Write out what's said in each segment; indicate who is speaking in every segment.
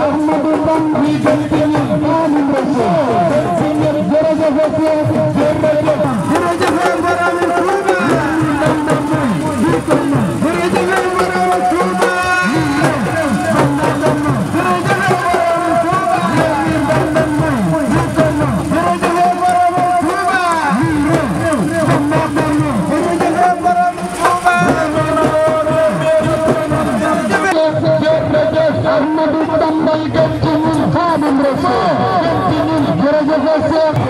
Speaker 1: Ahmadou Bamba le faire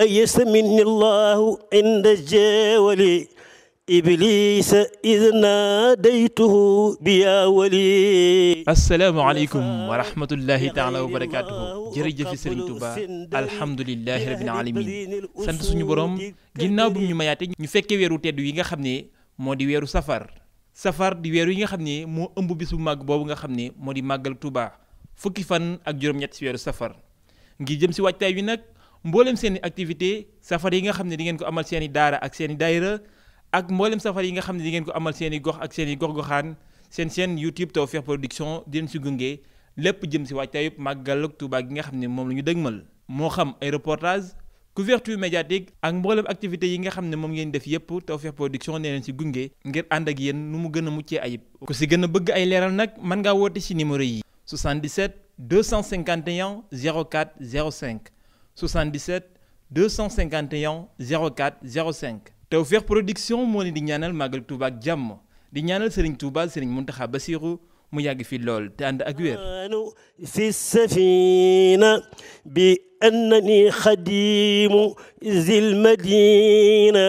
Speaker 2: أيسمني الله عند الجاول إبليس إذ ناديته بيا ولي السلام عليكم ورحمة الله تعالى وبركاته jërëjëf Serigne Touba alhamdulilahi rabbil alamin sant suñu borom ginnaaw bi ñu mayaate ñu fekkee weeru tedd yi nga xam ne moo di weeru safar safar di weer yi nga xam ne moo ëmb bis bu màgg boobu nga xam ne moo di màggal tubaa fukki fan ak juróom-ñett si weeru safar ngir jëm si waajtaay wi nag mboolem seeni activité safar yi nga xam ne di ngeen ko amal seeni i daara ak seen i ak mboolem safar yi nga xam ne di ngeen ko amal seeni gox ak seeni i gox-goxaan seen seen YouTube Tawfekh Production di leen si gunge lépp jëm si waajtaayub màggal ak Tuubaa gi nga xam ne moom la ñu dëgmal moo xam ay reportage couverture médiatique ak mboolem activité yi nga xam ne moom ngeen def yépp Tawfekh Production nee leen si gunge ngir ànd ak yéen nu mu gën a muccee ayib ku si gën a bëgg ay leeral nag mën ngaa woote si numéro yi 77 251 04 05 77 251 04 05 Tawfekh Production moo leen di ñaanal màggal Touba ak jàmm di ñaanal Serigne Touba Serigne Mountakha Bassirou mu yàgg fi lool te ànd ak wér fi safina bi annani xadimu zil madina